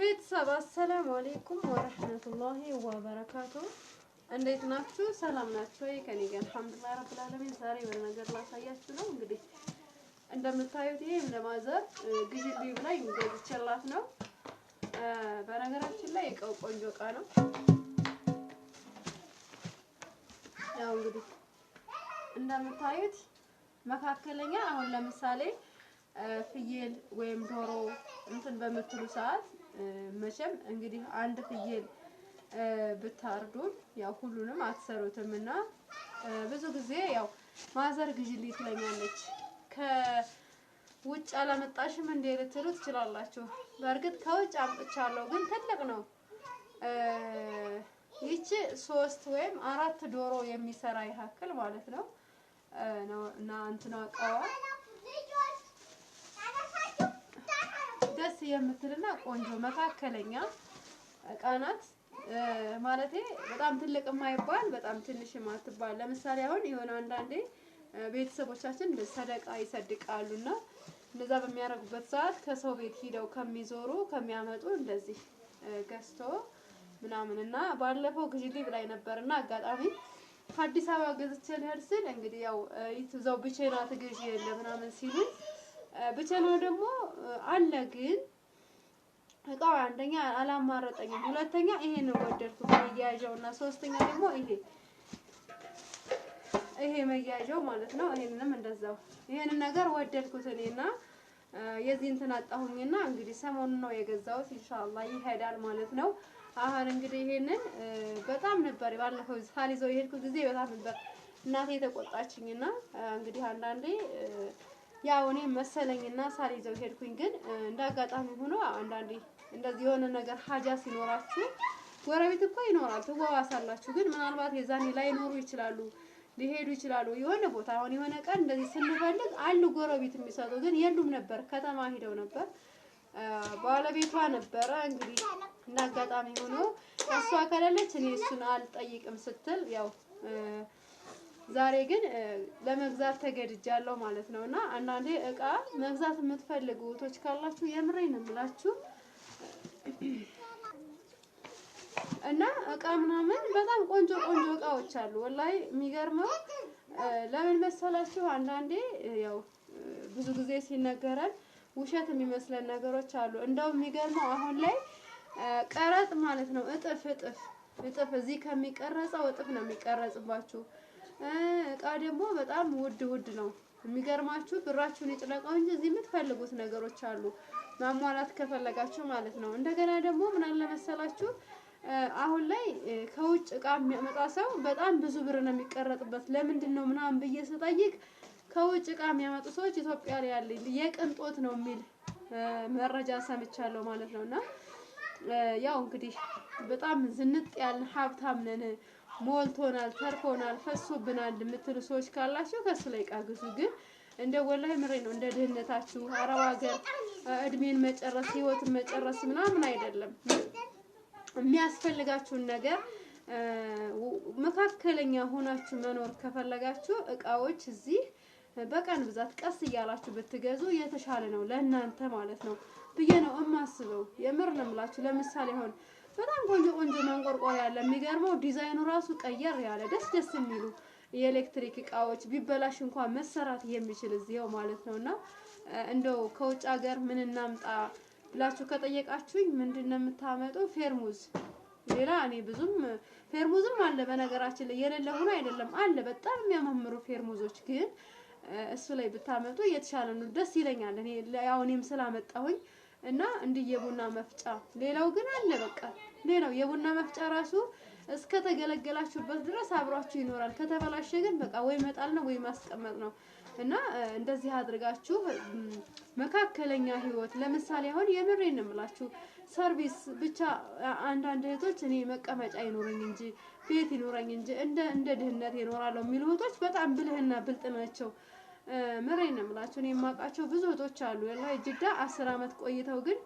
ቤተሰብ አሰላሙ አለይኩም ወረህመቱላሂ ወበረካቱ። እንዴት ናችሁ? ሰላም ናችሁ ወይ? ከኔ ጋር አልሐምዱሊላሂ ረብል ዓለሚን። ዛሬ የሆነ ነገር ላሳያችሁ ነው። እንግዲህ እንደምታዩት ይሄ ለማዘር ግዢልኝ ብላኝ ገዝቼላት ነው። በነገራችን ላይ እቃው ቆንጆ እቃ ነው። ያው እንግዲህ እንደምታዩት መካከለኛ አሁን ለምሳሌ ፍየል ወይም ዶሮ እንትን በምትሉ ሰዓት መቼም እንግዲህ አንድ ፍየል ብታርዱም ያው ሁሉንም አትሰሩትም እና ብዙ ጊዜ ያው ማዘር ግዢልኝ ትለኛለች። ከውጭ አላመጣሽም እንዴ ልትሉ ትችላላችሁ። በእርግጥ ከውጭ አምጥቻለሁ ግን ትልቅ ነው። ይቺ ሶስት ወይም አራት ዶሮ የሚሰራ ያህል ማለት ነው እና እንትና ቀዋ የምትልና ቆንጆ መካከለኛ እቃ ናት። ማለቴ በጣም ትልቅ የማይባል በጣም ትንሽ የማትባል ለምሳሌ አሁን የሆነ አንዳንዴ ቤተሰቦቻችን ሰደቃ ይሰድቃሉና እንደዛ በሚያደርጉበት ሰዓት ከሰው ቤት ሂደው ከሚዞሩ ከሚያመጡ እንደዚህ ገዝቶ ምናምን እና ባለፈው ግዢ ሊብ ላይ ነበርና አጋጣሚ ከአዲስ አበባ ገዝቼ ልሄድ ስል እንግዲህ ያው ይትዘው ብቼ ናት ግዢ የለ ምናምን ሲሉኝ ብቻ ነው ደግሞ አለ ግን እቃው አንደኛ አላማረጠኝም፣ ሁለተኛ ይሄን ወደድኩት መያዣው እና ሶስተኛ ደግሞ ይሄ ይሄ መያዣው ማለት ነው። ይሄንንም እንደዛው ይሄንን ነገር ወደድኩት እኔና የዚህ እንትን አጣሁኝና እንግዲህ ሰሞኑን ነው የገዛሁት። ኢንሻአላህ ይሄዳል ማለት ነው። አሁን እንግዲህ ይሄንን በጣም ነበር ባለፈው ሳልይዘው የሄድኩት ጊዜ በጣም ነበር እናቴ የተቆጣችኝና እንግዲህ አንዳንዴ ያው እኔ መሰለኝና ሳልይዘው ሄድኩኝ። ግን እንዳጋጣሚ ሆኖ አንዳንዴ እንደዚህ የሆነ ነገር ሀጃ ሲኖራችሁ ጎረቤት እኮ ይኖራል፣ ትዋዋሳላችሁ። ግን ምናልባት የዛኔ ላይኖሩ ይችላሉ፣ ሊሄዱ ይችላሉ የሆነ ቦታ። አሁን የሆነ ቀን እንደዚህ ስንፈልግ አሉ ጎረቤት የሚሰጡ ግን የሉም ነበር፣ ከተማ ሂደው ነበር። ባለቤቷ ነበረ እንግዲህ እንደ አጋጣሚ ሆኖ እሷ ከሌለች እኔ እሱን አልጠይቅም ስትል ያው ዛሬ ግን ለመግዛት ተገድጃለሁ ማለት ነው። እና አንዳንዴ እቃ መግዛት የምትፈልጉ እህቶች ካላችሁ የምሬን የምላችሁ እና እቃ ምናምን በጣም ቆንጆ ቆንጆ እቃዎች አሉ። ወላሂ የሚገርመው ለምን መሰላችሁ? አንዳንዴ ያው ብዙ ጊዜ ሲነገረን ውሸት የሚመስለን ነገሮች አሉ። እንደው የሚገርመው አሁን ላይ ቀረጥ ማለት ነው እጥፍ እጥፍ እጥፍ እዚህ ከሚቀረጸው እጥፍ ነው የሚቀረጽባችሁ። እቃ ደግሞ በጣም ውድ ውድ ነው። የሚገርማችሁ ብራችሁን የጭለቀው እንጂ እዚህ የምትፈልጉት ነገሮች አሉ ማሟላት ከፈለጋችሁ ማለት ነው። እንደገና ደግሞ ምን አለ መሰላችሁ አሁን ላይ ከውጭ እቃ የሚያመጣ ሰው በጣም ብዙ ብር ነው የሚቀረጥበት። ለምንድን ነው ምናምን ብዬ ስጠይቅ ከውጭ እቃ የሚያመጡ ሰዎች ኢትዮጵያ ላይ ያለ የቅንጦት ነው የሚል መረጃ ሰምቻለሁ ማለት ነው። እና ያው እንግዲህ በጣም ዝንጥ ያልን ሀብታም ነን ሞልቶናል፣ ተርፎናል፣ ፈሶብናል የምትሉ ሰዎች ካላችሁ ከሱ ላይ ዕቃ ግዙ። ግን እንደ ወላሂ ምሬ ነው እንደ ድህነታችሁ አረብ ሀገር እድሜን መጨረስ ህይወትን መጨረስ ምናምን አይደለም። የሚያስፈልጋችሁን ነገር መካከለኛ ሆናችሁ መኖር ከፈለጋችሁ እቃዎች እዚህ በቀን ብዛት ቀስ እያላችሁ ብትገዙ የተሻለ ነው ለእናንተ ማለት ነው ብዬ ነው የማስበው። የምር ነው የምላችሁ። ለምሳሌ አሁን በጣም ቆንጆ ቆንጆ መንቆርቆሪያ ያለ የሚገርመው ዲዛይኑ ራሱ ቀየር ያለ ደስ ደስ የሚሉ የኤሌክትሪክ እቃዎች ቢበላሽ እንኳን መሰራት የሚችል እዚው ማለት ነውና እንደው ከውጭ ሀገር ምን እናምጣ ብላችሁ ከጠየቃችሁኝ ምንድን ነው የምታመጠው? ፌርሙዝ ሌላ እኔ ብዙም ፌርሙዝም አለ በነገራችን ላይ የሌለ ሆኖ አይደለም አለ። በጣም የሚያማምሩ ፌርሙዞች ግን እሱ ላይ ብታመጡ የተሻለ ነው። ደስ ይለኛል። እኔ ያው እኔም ስላመጣሁኝ እና እንዲህ የቡና መፍጫ ሌላው ግን አለ በቃ ሌላው የቡና መፍጫ ራሱ እስከ ተገለገላችሁበት ድረስ አብሯችሁ ይኖራል። ከተበላሸ ግን በቃ ወይ መጣል ነው ወይ ማስቀመጥ ነው። እና እንደዚህ አድርጋችሁ መካከለኛ ህይወት ለምሳሌ አሁን የምሬ እንምላችሁ ሰርቪስ ብቻ አንዳንድ እህቶች እኔ መቀመጫ ይኖረኝ እንጂ ቤት ይኖረኝ እንጂ እንደ እንደ ድህነት ይኖራለሁ የሚሉ እህቶች በጣም ብልህና ብልጥ ናቸው። ምሬ ነው የምላቸው። እኔ የማውቃቸው ብዙ እህቶች አሉ ላይ ጅዳ አስር አመት ቆይተው ግን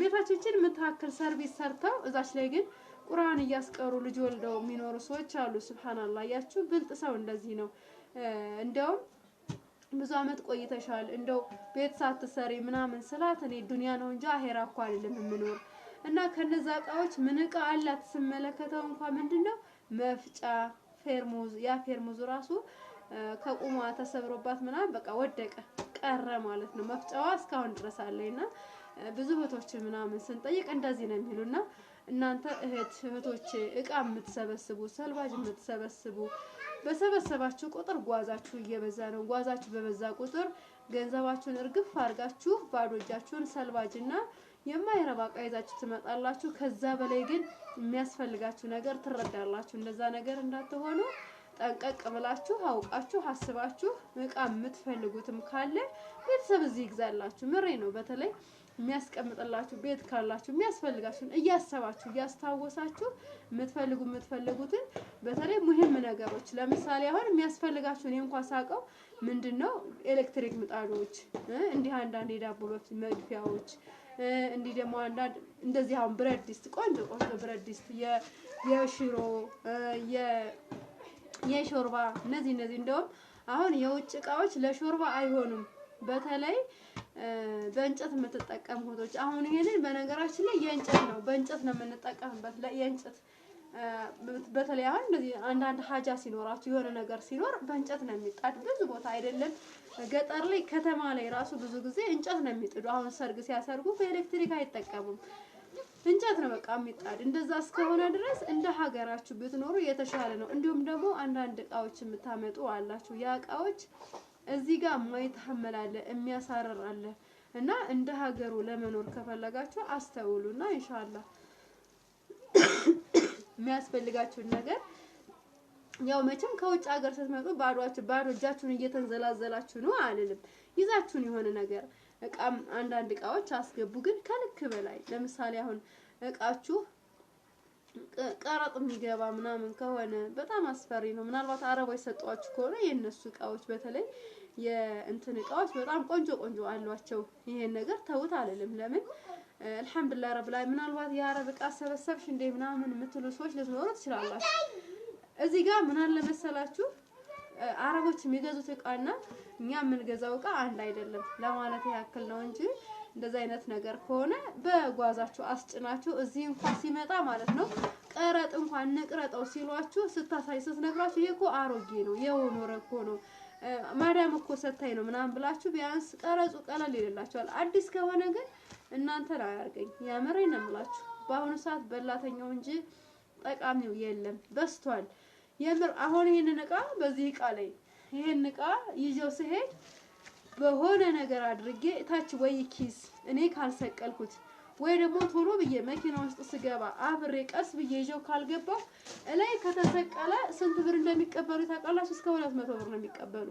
ቤታችን የምታክል ሰርቪስ ሰርተው እዛች ላይ ግን ቁርአን እያስቀሩ ልጅ ወልደው የሚኖሩ ሰዎች አሉ። ስብሓናላህ እያችሁ ብልጥ ሰው እንደዚህ ነው። እንደውም ብዙ አመት ቆይተሻል እንደው ቤት ሳትሰሪ ምናምን ስላት እኔ ዱኒያ ነው እንጂ አሄራ እኮ አይደለም የምኖር እና ከነዛ እቃዎች ምን እቃ አላት ስመለከተው እንኳ ምንድን ነው መፍጫ ፌርሙዝ ያ ፌርሙዙ ራሱ ከቁሟ ተሰብሮባት ምናምን በቃ ወደቀ ቀረ ማለት ነው። መፍጫዋ እስካሁን ድረስ አለኝና ብዙ እህቶች ምናምን ስንጠይቅ እንደዚህ ነው የሚሉና እናንተ እህት እህቶች እቃ የምትሰበስቡ ሰልባጅ የምትሰበስቡ በሰበሰባችሁ ቁጥር ጓዛችሁ እየበዛ ነው። ጓዛችሁ በበዛ ቁጥር ገንዘባችሁን እርግፍ አድርጋችሁ ባዶ እጃችሁን ሰልባጅና የማይረባ እቃ ይዛችሁ ትመጣላችሁ። ከዛ በላይ ግን የሚያስፈልጋችሁ ነገር ትረዳላችሁ። እንደዛ ነገር እንዳትሆኑ ጠንቀቅ ብላችሁ አውቃችሁ አስባችሁ እቃ የምትፈልጉትም ካለ ቤተሰብ እዚህ ይግዛላችሁ። ምሬ ነው። በተለይ የሚያስቀምጥላችሁ ቤት ካላችሁ የሚያስፈልጋችሁን እያሰባችሁ እያስታወሳችሁ የምትፈልጉ የምትፈልጉትን በተለይ ሙህም ነገሮች ለምሳሌ አሁን የሚያስፈልጋችሁ እኔ እንኳ ሳቀው ምንድን ነው ኤሌክትሪክ ምጣዶች፣ እንዲህ አንዳንድ የዳቦ መግፊያዎች እንዲህ ደግሞ አንዳንድ እንደዚህ አሁን ብረት ድስት፣ ቆንጆ ቆንጆ ብረት ድስት የሽሮ የሾርባ እነዚህ እነዚህ እንደውም አሁን የውጭ እቃዎች ለሾርባ አይሆኑም። በተለይ በእንጨት የምትጠቀሙ ሆቶች አሁን ይሄንን በነገራችን ላይ የእንጨት ነው፣ በእንጨት ነው የምንጠቀምበት። የእንጨት በተለይ አሁን እንደዚህ አንዳንድ ሀጃ ሲኖራችሁ የሆነ ነገር ሲኖር በእንጨት ነው የሚጣድ። ብዙ ቦታ አይደለም ገጠር ላይ ከተማ ላይ ራሱ ብዙ ጊዜ እንጨት ነው የሚጥዱ። አሁን ሰርግ ሲያሰርጉ በኤሌክትሪክ አይጠቀሙም። እንጨት ነው በቃ የሚጣድ። እንደዛ እስከሆነ ድረስ እንደ ሀገራችሁ ብትኖሩ የተሻለ ነው። እንዲሁም ደግሞ አንዳንድ እቃዎች የምታመጡ አላችሁ። ያ እቃዎች እዚህ ጋር ማይታመል አለ፣ የሚያሳርር አለ እና እንደ ሀገሩ ለመኖር ከፈለጋችሁ አስተውሉና ኢንሻአላህ የሚያስፈልጋችሁን ነገር ያው መቼም ከውጭ ሀገር ስትመጡ ባዶአችሁ ባዶ እጃችሁን እየተንዘላዘላችሁ ነው አልልም። ይዛችሁን የሆነ ነገር እቃም አንዳንድ እቃዎች አስገቡ፣ ግን ከልክ በላይ ለምሳሌ አሁን እቃችሁ ቀረጥ የሚገባ ምናምን ከሆነ በጣም አስፈሪ ነው። ምናልባት አረቦች ሰጧችሁ ከሆነ የእነሱ እቃዎች በተለይ የእንትን እቃዎች በጣም ቆንጆ ቆንጆ አሏቸው። ይሄን ነገር ተውት አልልም። ለምን አልሐምዱሊላህ ረብ ላይ ምናልባት የአረብ እቃ ሰበሰብሽ እንደ ምናምን የምትሉ ሰዎች ልትኖሩ ትችላላችሁ። እዚህ ጋር ምን አለ መሰላችሁ አረቦች የሚገዙት እቃና እኛ የምንገዛው እቃ አንድ አይደለም ለማለት ያክል ነው እንጂ እንደዚህ አይነት ነገር ከሆነ በጓዛችሁ አስጭናችሁ እዚህ እንኳን ሲመጣ ማለት ነው ቀረጥ እንኳን ንቅረጠው ሲሏችሁ ስታሳይ ስትነግራችሁ ይሄ እኮ አሮጌ ነው የወኖረ እኮ ነው ማዳም እኮ ሰታኝ ነው ምናምን ብላችሁ ቢያንስ ቀረጹ ቀለል ይልላችኋል። አዲስ ከሆነ ግን እናንተን አያርገኝ ያመረኝ ነው የምላችሁ። በአሁኑ ሰዓት በላተኛው እንጂ ጠቃሚው የለም በስቷል። የምር አሁን ይሄንን እቃ በዚህ እቃ ላይ ይሄን እቃ ይዤው ስሄድ በሆነ ነገር አድርጌ እታች ወይ ኪስ እኔ ካልሰቀልኩት ወይ ደግሞ ቶሎ ብዬ መኪና ውስጥ ስገባ አብሬ ቀስ ብዬ ይዤው ካልገባው እላይ ከተሰቀለ ስንት ብር እንደሚቀበሉ ታውቃላችሁ? እስከ ሁለት መቶ ብር ነው የሚቀበሉ።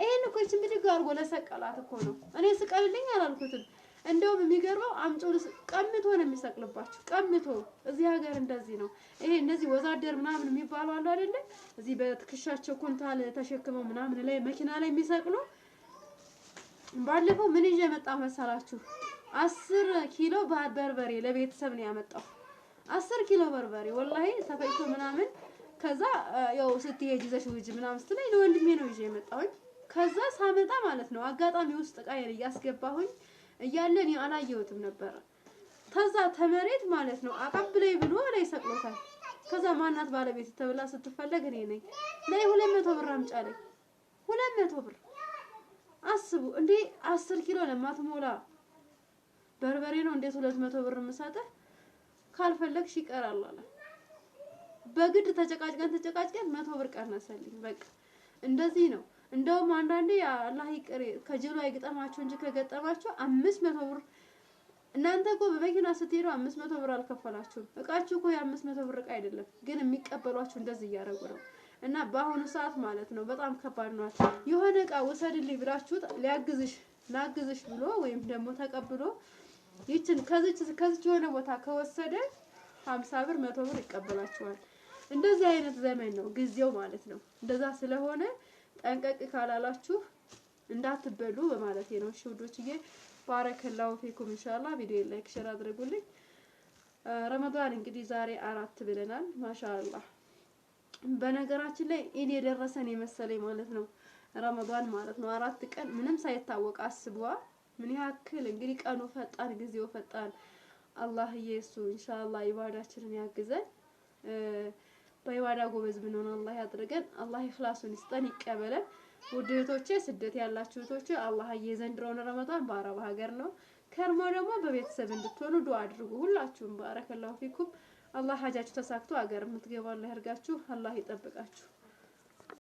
ይሄን እኮ እቺ ምድግ አድርጎ ለሰቀላት እኮ ነው። እኔ ስቀልልኝ አላልኩትም። እንደውም የሚገርመው አምጮን ቀምቶ ነው የሚሰቅልባችሁ። ቀምቶ እዚህ ሀገር እንደዚህ ነው። ይሄ እነዚህ ወዛደር ምናምን የሚባለው አሉ አይደለ? እዚህ በትከሻቸው ኩንታል ተሸክመው ምናምን ላይ መኪና ላይ የሚሰቅሉ ባለፈው ምን ይዤ መጣ መሰላችሁ? አስር ኪሎ በርበሬ ለቤተሰብ ነው ያመጣው። አስር ኪሎ በርበሬ ወላሂ ተፈጭቶ ምናምን ከዛ ያው ስትሄጂ ይዘሽ ውጅ ምናምን ስትለኝ ለወንድሜ ነው ይዤ የመጣሁኝ። ከዛ ሳመጣ ማለት ነው አጋጣሚ ውስጥ እቃ እያስገባሁኝ እያለ እኔ አላየሁትም ነበረ። ተዛ ተመሬት ማለት ነው አቀብለኝ ብሎ ላይ ሰቅሎታል። ከዛ ማናት ባለቤት ተብላ ስትፈለግ እኔ ነኝ። ላይ ሁለት መቶ ብር አምጪ አለኝ። ሁለት መቶ ብር አስቡ እንዴ! አስር ኪሎ ለማትሞላ በርበሬ ነው እንዴት ሁለት መቶ ብር የምሰጥህ? ካልፈለግሽ ይቀራል አለ። በግድ ተጨቃጭቀን ተጨቃጭቀን መቶ ብር ቀነሰልኝ። በቃ እንደዚህ ነው። እንደውም አንዳንዴ አላህ ይቅር ከጅሉ አይገጠማቸው እንጂ ከገጠማቸው አምስት መቶ ብር እናንተ እኮ በመኪና ስትሄዱ አምስት መቶ ብር አልከፈላችሁም። እቃችሁ እኮ የአምስት መቶ ብር እቃ አይደለም፣ ግን የሚቀበሏችሁ እንደዚህ እያደረጉ ነው። እና በአሁኑ ሰዓት ማለት ነው በጣም ከባድ ነው። የሆነ እቃ ውሰድልኝ ብላችሁ ሊያግዝሽ ላግዝሽ ብሎ ወይም ደግሞ ተቀብሎ ይችን ከዚች ከዚች የሆነ ቦታ ከወሰደ ሀምሳ ብር መቶ ብር ይቀበላችኋል። እንደዚህ አይነት ዘመን ነው ጊዜው ማለት ነው። እንደዛ ስለሆነ ጠንቀቅ ካላላችሁ እንዳትበሉ በማለት ነው። እሺ ውዶችዬ፣ ባረከላሁ ፊኩም ኢንሻአላህ። ቪዲዮ ላይክ ሼር አድርጉልኝ። ረመዳን እንግዲህ ዛሬ አራት ብለናል። ማሻአላህ በነገራችን ላይ ኢድ የደረሰን የመሰለኝ ማለት ነው። ረመዳን ማለት ነው አራት ቀን ምንም ሳይታወቅ አስቧ ምን ያክል እንግዲህ ቀኑ ፈጣን፣ ጊዜው ፈጣን። አላህ ኢየሱስ ኢንሻአላህ ኢባዳችንን ያግዘን። በይባዳ ጎበዝ ብንሆን አላህ ያድርገን። አላህ ኢኽላሱን ይስጠን ይቀበለን። ውድ እህቶቼ፣ ስደት ያላችሁ እህቶቼ አላህ የዘንድሮውን ረመዳን በአረብ ሀገር ነው ከርሞ ደግሞ በቤተሰብ እንድትሆኑ ዱ አድርጉ። ሁላችሁም ባረከላሁ ፊኩም። አላህ ሀጃችሁ ተሳክቶ ሀገር የምትገባሉ አላህ ያርጋችሁ። አላህ ይጠብቃችሁ።